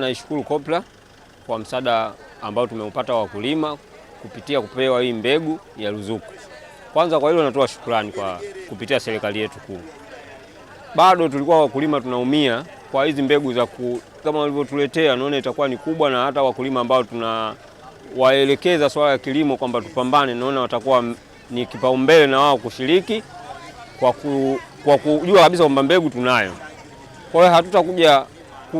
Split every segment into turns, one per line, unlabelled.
Naishukuru COPRA kwa msaada ambao tumeupata wakulima kupitia kupewa hii mbegu ya ruzuku. Kwanza kwa hilo natoa shukrani kwa kupitia serikali yetu kuu. Bado tulikuwa wakulima tunaumia kwa hizi mbegu za ku, kama walivyotuletea, naona itakuwa ni kubwa, na hata wakulima ambao tunawaelekeza swala ya kilimo kwamba tupambane, naona watakuwa ni kipaumbele na wao kushiriki kwa, ku, kwa kujua kabisa kwamba mbegu tunayo, kwa hiyo hatutakuja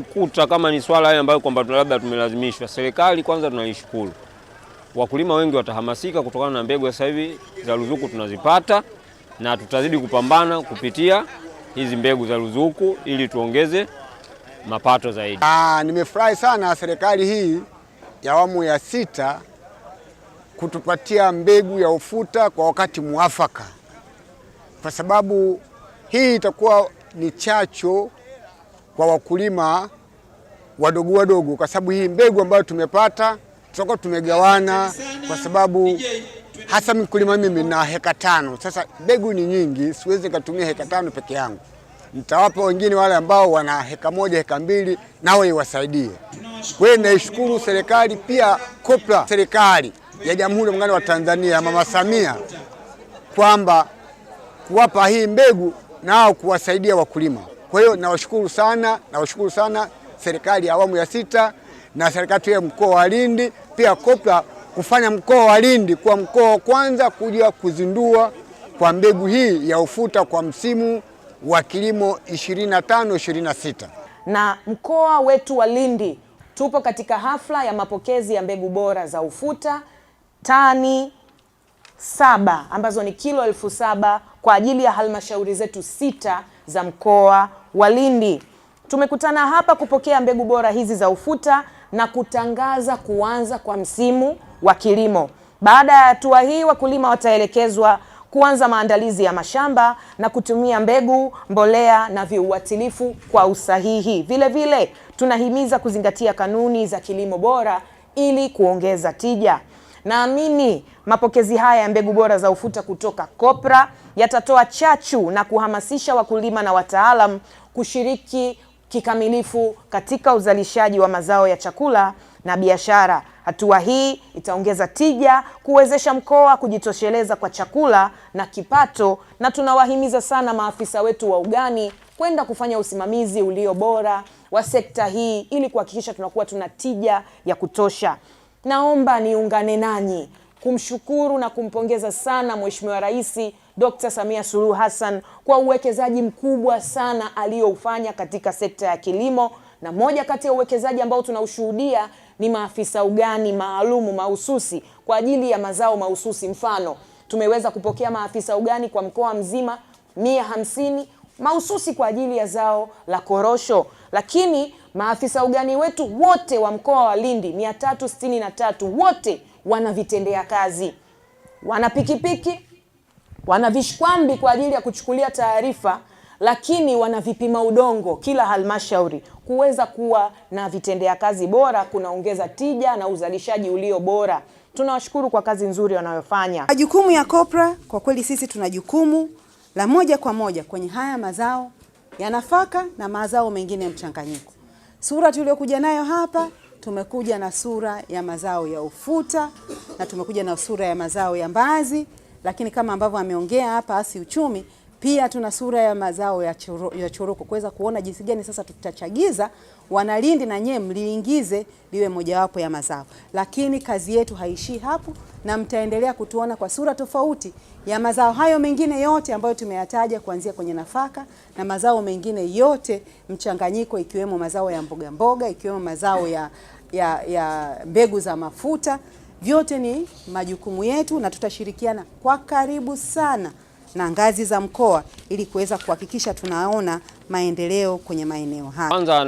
kukuta kama ni swala ambayo kwamba labda tumelazimishwa. Serikali kwanza tunaishukuru, wakulima wengi watahamasika kutokana na mbegu sasa hivi za ruzuku tunazipata, na tutazidi kupambana kupitia hizi mbegu za ruzuku ili tuongeze mapato zaidi.
Ah, nimefurahi sana serikali hii ya awamu ya sita kutupatia mbegu ya ufuta kwa wakati muafaka, kwa sababu hii itakuwa ni chacho kwa wakulima wadogo wadogo, kwa sababu hii mbegu ambayo tumepata tutakuwa tumegawana, kwa sababu hasa mkulima mimi na heka tano. Sasa mbegu ni nyingi, siwezi katumia heka tano peke yangu, nitawapa wengine wale ambao wana heka moja, heka mbili, nao iwasaidie. Kwa hiyo naishukuru serikali pia kopla serikali ya Jamhuri ya Muungano wa Tanzania, Mama Samia, kwamba kuwapa hii mbegu nao kuwasaidia wakulima. Kwa hiyo nawashukuru sana, nawashukuru sana serikali ya awamu ya sita na serikali ya mkoa wa Lindi, pia kopa kufanya mkoa wa Lindi kuwa mkoa wa kwanza kuja kuzindua kwa mbegu hii ya ufuta kwa msimu wa kilimo 25 26.
Na mkoa wetu wa Lindi tupo katika hafla ya mapokezi ya mbegu bora za ufuta tani saba ambazo ni kilo elfu saba kwa ajili ya halmashauri zetu sita za mkoa wa Lindi. Tumekutana hapa kupokea mbegu bora hizi za ufuta na kutangaza kuanza kwa msimu wa kilimo. Baada ya hatua hii, wakulima wataelekezwa kuanza maandalizi ya mashamba na kutumia mbegu, mbolea na viuatilifu kwa usahihi. Vile vile tunahimiza kuzingatia kanuni za kilimo bora ili kuongeza tija. Naamini mapokezi haya ya mbegu bora za ufuta kutoka Kopra yatatoa chachu na kuhamasisha wakulima na wataalam kushiriki kikamilifu katika uzalishaji wa mazao ya chakula na biashara. Hatua hii itaongeza tija, kuwezesha mkoa kujitosheleza kwa chakula na kipato, na tunawahimiza sana maafisa wetu wa ugani kwenda kufanya usimamizi ulio bora wa sekta hii ili kuhakikisha tunakuwa tuna tija ya kutosha naomba niungane nanyi kumshukuru na kumpongeza sana Mheshimiwa Rais Dr. Samia Suluhu Hassan kwa uwekezaji mkubwa sana aliyoufanya katika sekta ya kilimo, na moja kati ya uwekezaji ambao tunaushuhudia ni maafisa ugani maalumu mahususi kwa ajili ya mazao mahususi. Mfano, tumeweza kupokea maafisa ugani kwa mkoa mzima mia hamsini mahususi kwa ajili ya zao la korosho, lakini maafisa ugani wetu wote wa mkoa wa Lindi 363 wote wanavitendea kazi, wana pikipiki, wana vishkwambi kwa ajili ya kuchukulia taarifa, lakini wana vipima udongo kila halmashauri. Kuweza kuwa na vitendea kazi bora kunaongeza tija na uzalishaji ulio bora. Tunawashukuru kwa kazi nzuri wanayofanya.
Majukumu ya kopra, kwa kweli sisi tuna jukumu la moja kwa moja kwenye haya mazao ya nafaka na mazao mengine mchanganyiko. Sura tuliyokuja nayo hapa, tumekuja na sura ya mazao ya ufuta na tumekuja na sura ya mazao ya mbazi, lakini kama ambavyo ameongea hapa asi uchumi pia tuna sura ya mazao ya choro, ya choroko kuweza kuona jinsi gani sasa tutachagiza wanalindi na nyewe mliingize liwe mojawapo ya mazao. Lakini kazi yetu haishii hapo, na mtaendelea kutuona kwa sura tofauti ya mazao hayo mengine yote ambayo tumeyataja kuanzia kwenye nafaka na mazao mengine yote mchanganyiko, ikiwemo mazao ya mboga mboga, ikiwemo mazao ya, ya, ya mbegu za mafuta. Vyote ni majukumu yetu na tutashirikiana kwa karibu sana na ngazi za mkoa ili kuweza kuhakikisha tunaona maendeleo kwenye maeneo haya. Kwanza